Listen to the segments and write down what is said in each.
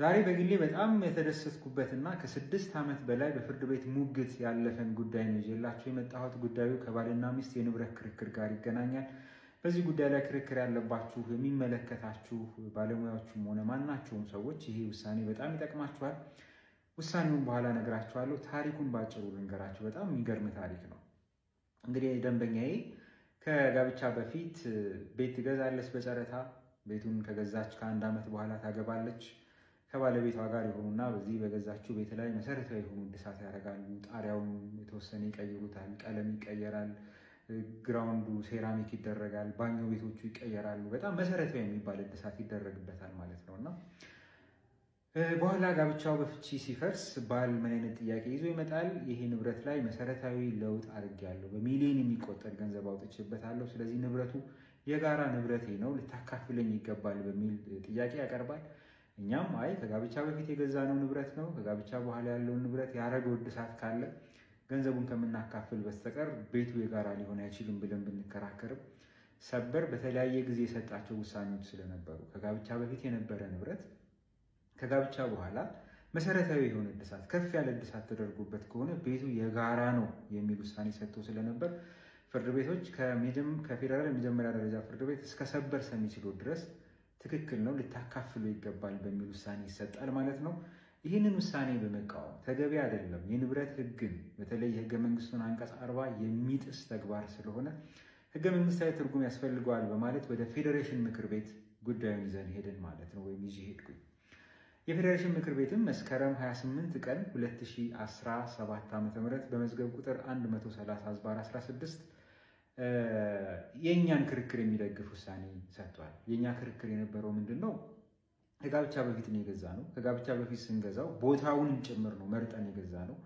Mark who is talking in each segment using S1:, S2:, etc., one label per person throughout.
S1: ዛሬ በግሌ በጣም የተደሰትኩበት እና ከስድስት ዓመት በላይ በፍርድ ቤት ሙግት ያለፈን ጉዳይ ነው ይዤላቸው የመጣሁት። ጉዳዩ ከባልና ሚስት የንብረት ክርክር ጋር ይገናኛል። በዚህ ጉዳይ ላይ ክርክር ያለባችሁ የሚመለከታችሁ ባለሙያዎችም ሆነ ማናቸውም ሰዎች ይሄ ውሳኔ በጣም ይጠቅማችኋል። ውሳኔውን በኋላ ነግራችኋለሁ። ታሪኩን ባጭሩ ልንገራችሁ። በጣም የሚገርም ታሪክ ነው። እንግዲህ ደንበኛዬ ከጋብቻ በፊት ቤት ትገዛለች በጨረታ። ቤቱን ከገዛች ከአንድ ዓመት በኋላ ታገባለች። ከባለቤቷ ጋር የሆኑና በዚህ በገዛችው ቤት ላይ መሰረታዊ የሆኑ እድሳት ያደርጋሉ። ጣሪያውን የተወሰነ ይቀይሩታል። ቀለም ይቀየራል። ግራውንዱ ሴራሚክ ይደረጋል። ባኞ ቤቶቹ ይቀየራሉ። በጣም መሰረታዊ የሚባል እድሳት ይደረግበታል ማለት ነው እና በኋላ ጋብቻው በፍቺ ሲፈርስ ባል ምን አይነት ጥያቄ ይዞ ይመጣል? ይሄ ንብረት ላይ መሰረታዊ ለውጥ አድርጌያለሁ፣ በሚሊዮን የሚቆጠር ገንዘብ አውጥቼበታለሁ። ስለዚህ ንብረቱ የጋራ ንብረቴ ነው፣ ልታካፍለኝ ይገባል በሚል ጥያቄ ያቀርባል። እኛም አይ ከጋብቻ በፊት የገዛነው ንብረት ነው፣ ከጋብቻ በኋላ ያለውን ንብረት ያረገ እድሳት ካለ ገንዘቡን ከምናካፍል በስተቀር ቤቱ የጋራ ሊሆን አይችልም ብለን ብንከራከርም ሰበር በተለያየ ጊዜ የሰጣቸው ውሳኔዎች ስለነበሩ ከጋብቻ በፊት የነበረ ንብረት ከጋብቻ በኋላ መሰረታዊ የሆነ እድሳት ከፍ ያለ እድሳት ተደርጎበት ከሆነ ቤቱ የጋራ ነው የሚል ውሳኔ ሰጥቶ ስለነበር ፍርድ ቤቶች ከፌዴራል የመጀመሪያ ደረጃ ፍርድ ቤት እስከ ሰበር ሰሚ ችሎት ድረስ ትክክል ነው፣ ልታካፍሉ ይገባል በሚል ውሳኔ ይሰጣል ማለት ነው። ይህንን ውሳኔ በመቃወም ተገቢ አይደለም፣ የንብረት ህግን በተለይ ሕገ መንግስቱን አንቀጽ አርባ የሚጥስ ተግባር ስለሆነ ህገ መንግስታዊ ትርጉም ያስፈልገዋል በማለት ወደ ፌዴሬሽን ምክር ቤት ጉዳዩን ይዘን ማለት ነው፣ ወይም ይዤ ሄድኩኝ። የፌዴሬሽን ምክር ቤትም መስከረም 28 ቀን 2017 ዓ.ም በመዝገብ ቁጥር 130/16 የእኛን ክርክር የሚደግፍ ውሳኔ ሰጥቷል። የእኛ ክርክር የነበረው ምንድን ነው? ከጋብቻ በፊት ነው የገዛ ነው። ከጋብቻ በፊት ስንገዛው ቦታውንም ጭምር ነው መርጠን የገዛ ነው።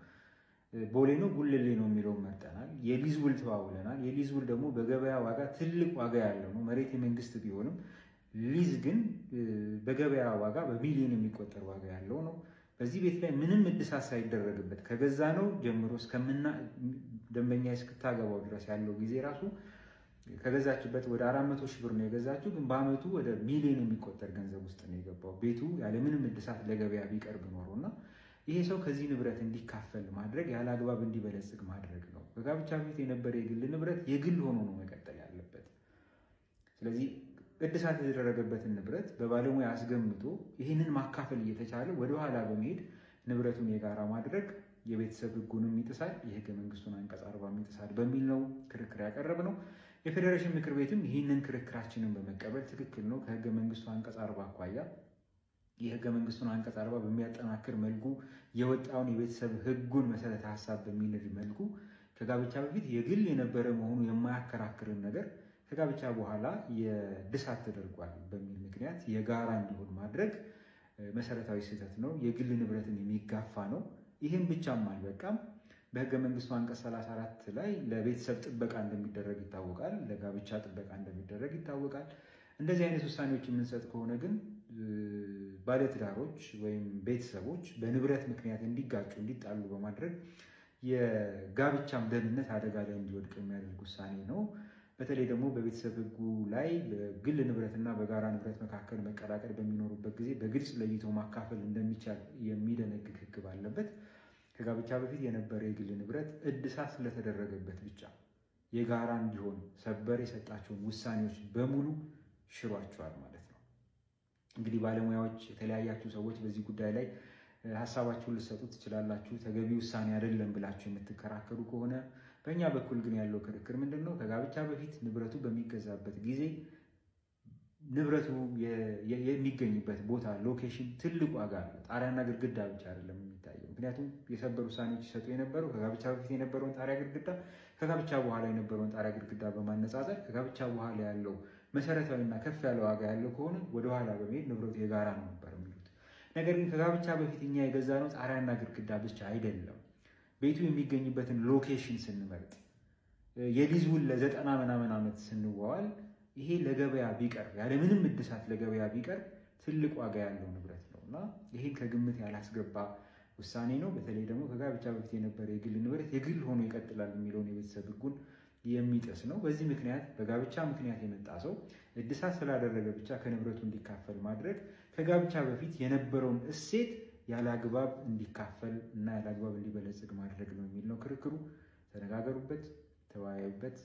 S1: ቦሌ ነው ጉልሌ ነው የሚለውን መርጠናል። የሊዝ ውል ተዋውለናል። የሊዝ ውል ደግሞ በገበያ ዋጋ ትልቅ ዋጋ ያለው ነው። መሬት የመንግስት ቢሆንም ሊዝ ግን በገበያ ዋጋ በቢሊዮን የሚቆጠር ዋጋ ያለው ነው። በዚህ ቤት ላይ ምንም እድሳት ሳይደረግበት ከገዛ ነው ጀምሮ ደንበኛ እስክታገባው ድረስ ያለው ጊዜ ራሱ ከገዛችበት ወደ አራት መቶ ሺህ ብር ነው የገዛችው፣ ግን በአመቱ ወደ ሚሊዮን የሚቆጠር ገንዘብ ውስጥ ነው የገባው ቤቱ ያለምንም እድሳት ለገበያ ቢቀርብ ኖሮ እና ይሄ ሰው ከዚህ ንብረት እንዲካፈል ማድረግ ያለ አግባብ እንዲበለጽግ ማድረግ ነው። ከጋብቻ በፊት የነበረ የግል ንብረት የግል ሆኖ ነው መቀጠል ያለበት። ስለዚህ እድሳት የተደረገበትን ንብረት በባለሙያ አስገምቶ ይህንን ማካፈል እየተቻለ ወደኋላ በመሄድ ንብረቱን የጋራ ማድረግ የቤተሰብ ሕጉንም ይጥሳል፣ የህገ መንግስቱን አንቀጽ አርባም ይጥሳል በሚል ነው ክርክር ያቀረብ ነው። የፌዴሬሽን ምክር ቤትም ይህንን ክርክራችንን በመቀበል ትክክል ነው ከህገ መንግስቱ አንቀጽ አርባ አኳያ የህገ መንግስቱን አንቀጽ አርባ በሚያጠናክር መልኩ የወጣውን የቤተሰብ ህጉን መሰረተ ሀሳብ በሚንድ መልኩ ከጋብቻ በፊት የግል የነበረ መሆኑ የማያከራክርን ነገር ከጋብቻ በኋላ የድሳት ተደርጓል በሚል ምክንያት የጋራ እንዲሆን ማድረግ መሰረታዊ ስህተት ነው። የግል ንብረትን የሚጋፋ ነው። ይህም ብቻም አልበቃም። በህገ መንግስቱ አንቀጽ 34 ላይ ለቤተሰብ ጥበቃ እንደሚደረግ ይታወቃል። ለጋብቻ ጥበቃ እንደሚደረግ ይታወቃል። እንደዚህ አይነት ውሳኔዎች የምንሰጥ ከሆነ ግን ባለትዳሮች ወይም ቤተሰቦች በንብረት ምክንያት እንዲጋጩ፣ እንዲጣሉ በማድረግ የጋብቻም ደህንነት አደጋ ላይ እንዲወድቅ የሚያደርግ ውሳኔ ነው። በተለይ ደግሞ በቤተሰብ ህጉ ላይ በግል ንብረትና በጋራ ንብረት መካከል መቀላቀል በሚኖሩበት ጊዜ በግልጽ ለይቶ ማካፈል እንደሚቻል የሚደነግግ ህግ ባለበት ከጋብቻ በፊት የነበረ የግል ንብረት እድሳት ስለተደረገበት ብቻ የጋራ እንዲሆን ሰበር የሰጣቸውን ውሳኔዎች በሙሉ ሽሯቸዋል ማለት ነው። እንግዲህ ባለሙያዎች፣ የተለያያችሁ ሰዎች በዚህ ጉዳይ ላይ ሀሳባችሁን ልትሰጡ ትችላላችሁ። ተገቢ ውሳኔ አይደለም ብላችሁ የምትከራከሩ ከሆነ በእኛ በኩል ግን ያለው ክርክር ምንድን ነው? ከጋብቻ በፊት ንብረቱ በሚገዛበት ጊዜ ንብረቱ የሚገኝበት ቦታ ሎኬሽን ትልቅ ዋጋ አለው። ጣሪያና ግድግዳ ብቻ አይደለም የሚታየው። ምክንያቱም የሰበር ውሳኔዎች ሲሰጡ የነበረው ከጋብቻ በፊት የነበረውን ጣሪያ ግድግዳ ከጋብቻ በኋላ የነበረውን ጣሪያ ግድግዳ በማነጻጸር ከጋብቻ በኋላ ያለው መሰረታዊና ከፍ ያለ ዋጋ ያለው ከሆነ ወደኋላ በመሄድ ንብረቱ የጋራ ነው ነበር የሚሉት። ነገር ግን ከጋብቻ በፊት እኛ የገዛነው ጣሪያና ግድግዳ ብቻ አይደለም ቤቱ የሚገኝበትን ሎኬሽን ስንመርጥ የሊዝውን ለዘጠና ምናምን ዓመት ስንዋዋል ይሄ ለገበያ ቢቀርብ ያለምንም እድሳት ለገበያ ቢቀርብ ትልቅ ዋጋ ያለው ንብረት ነው እና ይሄን ከግምት ያላስገባ ውሳኔ ነው። በተለይ ደግሞ ከጋብቻ በፊት የነበረ የግል ንብረት የግል ሆኖ ይቀጥላል የሚለውን የቤተሰብ ሕጉን የሚጥስ ነው። በዚህ ምክንያት በጋብቻ ምክንያት የመጣ ሰው እድሳት ስላደረገ ብቻ ከንብረቱ እንዲካፈል ማድረግ ከጋብቻ በፊት የነበረውን እሴት ያለ አግባብ እንዲካፈል እና ያለ አግባብ እንዲበለጽግ ማድረግ ነው የሚል ነው ክርክሩ። ተነጋገሩበት፣ ተወያዩበት።